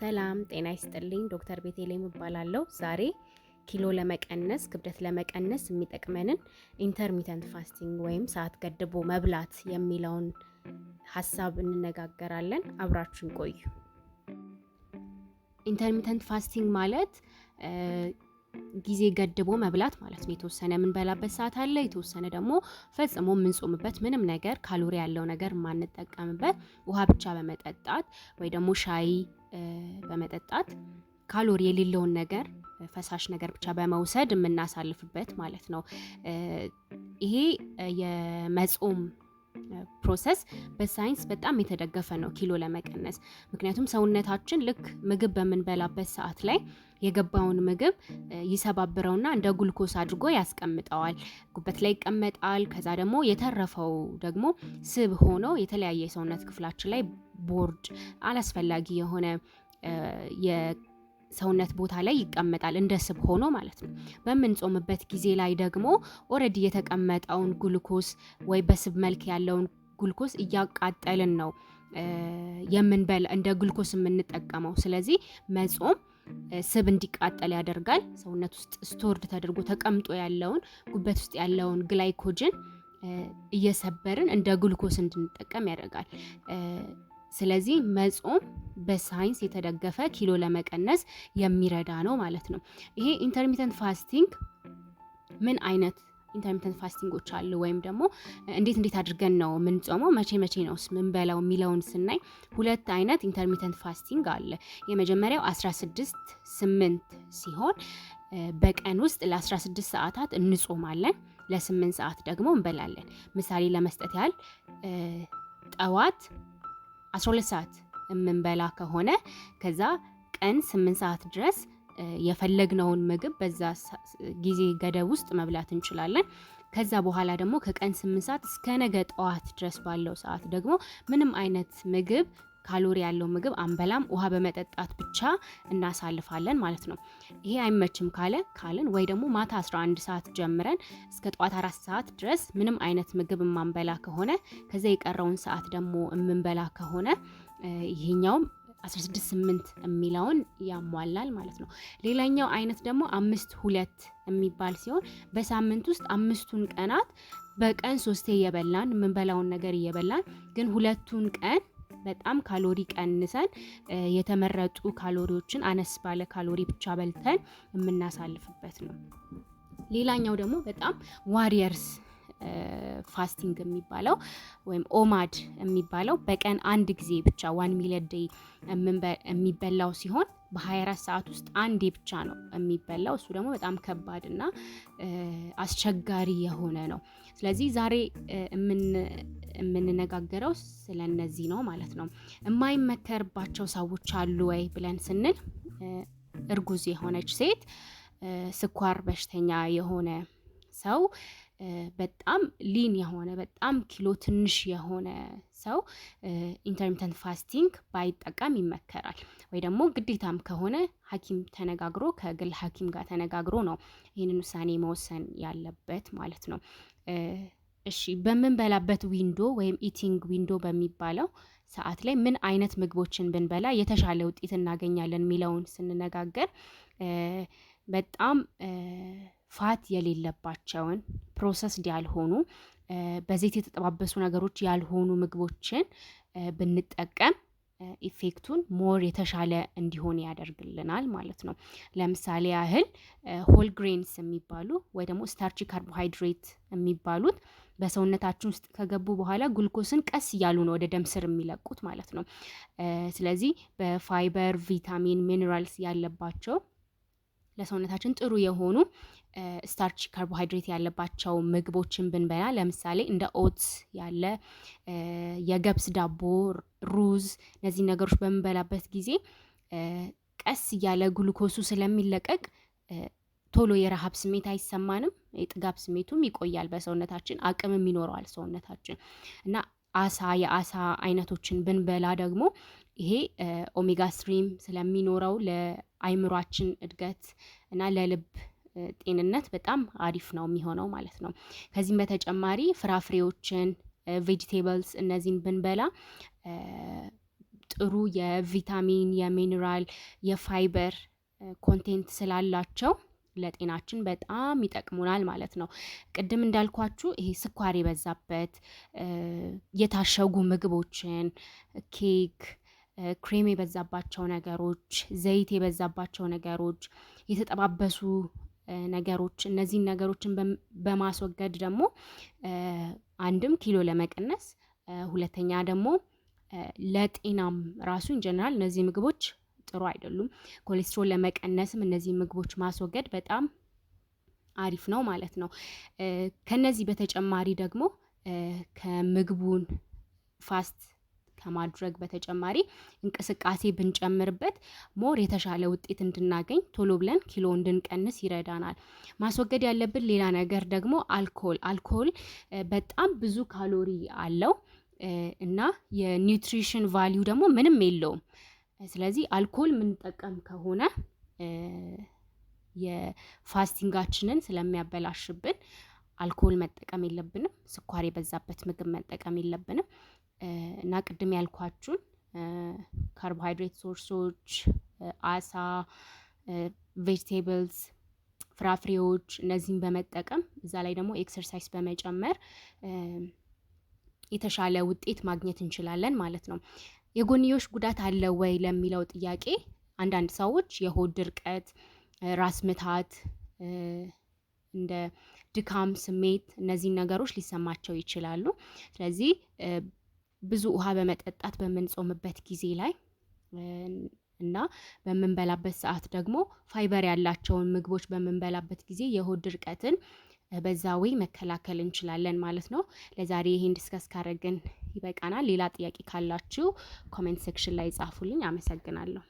ሰላም ጤና ይስጥልኝ። ዶክተር ቤቴሌም እባላለሁ። ዛሬ ኪሎ ለመቀነስ ክብደት ለመቀነስ የሚጠቅመንን ኢንተርሚተንት ፋስቲንግ ወይም ሰዓት ገድቦ መብላት የሚለውን ሀሳብ እንነጋገራለን። አብራችሁ ቆዩ። ኢንተርሚተንት ፋስቲንግ ማለት ጊዜ ገድቦ መብላት ማለት ነው። የተወሰነ የምንበላበት ሰዓት አለ፣ የተወሰነ ደግሞ ፈጽሞ የምንጾምበት ምንም ነገር ካሎሪ ያለው ነገር የማንጠቀምበት ውሃ ብቻ በመጠጣት ወይ ደግሞ ሻይ በመጠጣት ካሎሪ የሌለውን ነገር ፈሳሽ ነገር ብቻ በመውሰድ የምናሳልፍበት ማለት ነው። ይሄ የመጾም ፕሮሰስ በሳይንስ በጣም የተደገፈ ነው ኪሎ ለመቀነስ። ምክንያቱም ሰውነታችን ልክ ምግብ በምንበላበት ሰዓት ላይ የገባውን ምግብ ይሰባብረውና እንደ ጉልኮስ አድርጎ ያስቀምጠዋል። ጉበት ላይ ይቀመጣል። ከዛ ደግሞ የተረፈው ደግሞ ስብ ሆኖ የተለያየ የሰውነት ክፍላችን ላይ ቦርድ አላስፈላጊ የሆነ ሰውነት ቦታ ላይ ይቀመጣል እንደ ስብ ሆኖ ማለት ነው። በምንጾምበት ጊዜ ላይ ደግሞ ኦልሬዲ የተቀመጠውን ጉልኮስ ወይ በስብ መልክ ያለውን ጉልኮስ እያቃጠልን ነው የምንበላ እንደ ጉልኮስ የምንጠቀመው። ስለዚህ መጾም ስብ እንዲቃጠል ያደርጋል። ሰውነት ውስጥ ስቶርድ ተደርጎ ተቀምጦ ያለውን ጉበት ውስጥ ያለውን ግላይኮጅን እየሰበርን እንደ ጉልኮስ እንድንጠቀም ያደርጋል። ስለዚህ መጾም በሳይንስ የተደገፈ ኪሎ ለመቀነስ የሚረዳ ነው ማለት ነው። ይሄ ኢንተርሚተንት ፋስቲንግ ምን አይነት ኢንተርሚተንት ፋስቲንጎች አሉ ወይም ደግሞ እንዴት እንዴት አድርገን ነው የምንጾመው፣ መቼ መቼ ነው የምንበላው የሚለውን ስናይ ሁለት አይነት ኢንተርሚተንት ፋስቲንግ አለ። የመጀመሪያው 16 8 ሲሆን በቀን ውስጥ ለ16 ሰዓታት እንጾማለን፣ ለ8 ሰዓት ደግሞ እንበላለን። ምሳሌ ለመስጠት ያህል ጠዋት 12 ሰዓት የምንበላ ከሆነ ከዛ ቀን 8 ሰዓት ድረስ የፈለግነውን ምግብ በዛ ጊዜ ገደብ ውስጥ መብላት እንችላለን። ከዛ በኋላ ደግሞ ከቀን 8 ሰዓት እስከ ነገ ጠዋት ድረስ ባለው ሰዓት ደግሞ ምንም አይነት ምግብ ካሎሪ ያለው ምግብ አንበላም፣ ውሃ በመጠጣት ብቻ እናሳልፋለን ማለት ነው። ይሄ አይመችም ካለ ካልን ወይ ደግሞ ማታ 11 ሰዓት ጀምረን እስከ ጠዋት አራት ሰዓት ድረስ ምንም አይነት ምግብ የማንበላ ከሆነ ከዚ የቀረውን ሰዓት ደግሞ የምንበላ ከሆነ ይሄኛውም 168 የሚለውን ያሟላል ማለት ነው። ሌላኛው አይነት ደግሞ አምስት ሁለት የሚባል ሲሆን በሳምንት ውስጥ አምስቱን ቀናት በቀን ሶስቴ እየበላን የምንበላውን ነገር እየበላን ግን ሁለቱን ቀን በጣም ካሎሪ ቀንሰን የተመረጡ ካሎሪዎችን አነስ ባለ ካሎሪ ብቻ በልተን የምናሳልፍበት ነው። ሌላኛው ደግሞ በጣም ዋሪየርስ ፋስቲንግ የሚባለው ወይም ኦማድ የሚባለው በቀን አንድ ጊዜ ብቻ ዋን ሚል ዴይ የሚበላው ሲሆን በ24 ሰዓት ውስጥ አንዴ ብቻ ነው የሚበላው። እሱ ደግሞ በጣም ከባድ ና አስቸጋሪ የሆነ ነው። ስለዚህ ዛሬ የምንነጋገረው ስለ እነዚህ ነው ማለት ነው። የማይመከርባቸው ሰዎች አሉ ወይ ብለን ስንል እርጉዝ የሆነች ሴት፣ ስኳር በሽተኛ የሆነ ሰው በጣም ሊን የሆነ በጣም ኪሎ ትንሽ የሆነ ሰው ኢንተርሚተንት ፋስቲንግ ባይጠቀም ይመከራል። ወይ ደግሞ ግዴታም ከሆነ ሐኪም ተነጋግሮ ከግል ሐኪም ጋር ተነጋግሮ ነው ይህንን ውሳኔ መወሰን ያለበት ማለት ነው። እሺ በምንበላበት ዊንዶ ወይም ኢቲንግ ዊንዶ በሚባለው ሰዓት ላይ ምን አይነት ምግቦችን ብንበላ የተሻለ ውጤት እናገኛለን የሚለውን ስንነጋገር በጣም ፋት የሌለባቸውን ፕሮሰስድ ያልሆኑ በዘይት የተጠባበሱ ነገሮች ያልሆኑ ምግቦችን ብንጠቀም ኢፌክቱን ሞር የተሻለ እንዲሆን ያደርግልናል ማለት ነው። ለምሳሌ ያህል ሆል ግሬንስ የሚባሉ ወይ ደግሞ ስታርቺ ካርቦሃይድሬት የሚባሉት በሰውነታችን ውስጥ ከገቡ በኋላ ጉልኮስን ቀስ እያሉ ነው ወደ ደም ስር የሚለቁት ማለት ነው። ስለዚህ በፋይበር ቪታሚን፣ ሚኒራልስ ያለባቸው ለሰውነታችን ጥሩ የሆኑ ስታርች ካርቦሃይድሬት ያለባቸው ምግቦችን ብንበላ ለምሳሌ እንደ ኦትስ ያለ የገብስ ዳቦ፣ ሩዝ እነዚህ ነገሮች በምንበላበት ጊዜ ቀስ እያለ ግሉኮሱ ስለሚለቀቅ ቶሎ የረሃብ ስሜት አይሰማንም። የጥጋብ ስሜቱም ይቆያል በሰውነታችን አቅምም ይኖረዋል ሰውነታችን እና አሳ የአሳ አይነቶችን ብንበላ ደግሞ ይሄ ኦሜጋ ስሪም ስለሚኖረው ለአይምሯችን እድገት እና ለልብ ጤንነት በጣም አሪፍ ነው የሚሆነው ማለት ነው። ከዚህም በተጨማሪ ፍራፍሬዎችን፣ ቬጅቴብልስ እነዚህን ብንበላ ጥሩ የቪታሚን የሚኒራል የፋይበር ኮንቴንት ስላላቸው ለጤናችን በጣም ይጠቅሙናል ማለት ነው። ቅድም እንዳልኳችሁ ይሄ ስኳር የበዛበት የታሸጉ ምግቦችን፣ ኬክ፣ ክሬም የበዛባቸው ነገሮች፣ ዘይት የበዛባቸው ነገሮች፣ የተጠባበሱ ነገሮች እነዚህን ነገሮችን በማስወገድ ደግሞ አንድም ኪሎ ለመቀነስ ሁለተኛ ደግሞ ለጤናም ራሱ ኢንጀነራል እነዚህ ምግቦች ጥሩ አይደሉም። ኮሌስትሮል ለመቀነስም እነዚህ ምግቦች ማስወገድ በጣም አሪፍ ነው ማለት ነው። ከነዚህ በተጨማሪ ደግሞ ከምግቡን ፋስት ከማድረግ በተጨማሪ እንቅስቃሴ ብንጨምርበት ሞር የተሻለ ውጤት እንድናገኝ ቶሎ ብለን ኪሎ እንድንቀንስ ይረዳናል። ማስወገድ ያለብን ሌላ ነገር ደግሞ አልኮል አልኮል በጣም ብዙ ካሎሪ አለው እና የኒውትሪሽን ቫሊዩ ደግሞ ምንም የለውም። ስለዚህ አልኮል ምንጠቀም ከሆነ የፋስቲንጋችንን ስለሚያበላሽብን አልኮል መጠቀም የለብንም። ስኳር የበዛበት ምግብ መጠቀም የለብንም እና ቅድም ያልኳችሁን ካርቦሃይድሬት ሶርሶች፣ አሳ፣ ቬጅቴብልስ፣ ፍራፍሬዎች እነዚህን በመጠቀም እዛ ላይ ደግሞ ኤክሰርሳይዝ በመጨመር የተሻለ ውጤት ማግኘት እንችላለን ማለት ነው። የጎንዮሽ ጉዳት አለ ወይ ለሚለው ጥያቄ አንዳንድ ሰዎች የሆድ ድርቀት፣ ራስ ምታት እንደ ድካም፣ ስሜት እነዚህን ነገሮች ሊሰማቸው ይችላሉ። ስለዚህ ብዙ ውሃ በመጠጣት በምንጾምበት ጊዜ ላይ እና በምንበላበት ሰዓት ደግሞ ፋይበር ያላቸውን ምግቦች በምንበላበት ጊዜ የሆድ ድርቀትን በዛ ወይ መከላከል እንችላለን ማለት ነው። ለዛሬ ይሄን ዲስከስ ካረግን ይበቃናል። ሌላ ጥያቄ ካላችሁ ኮሜንት ሴክሽን ላይ ጻፉልኝ። አመሰግናለሁ።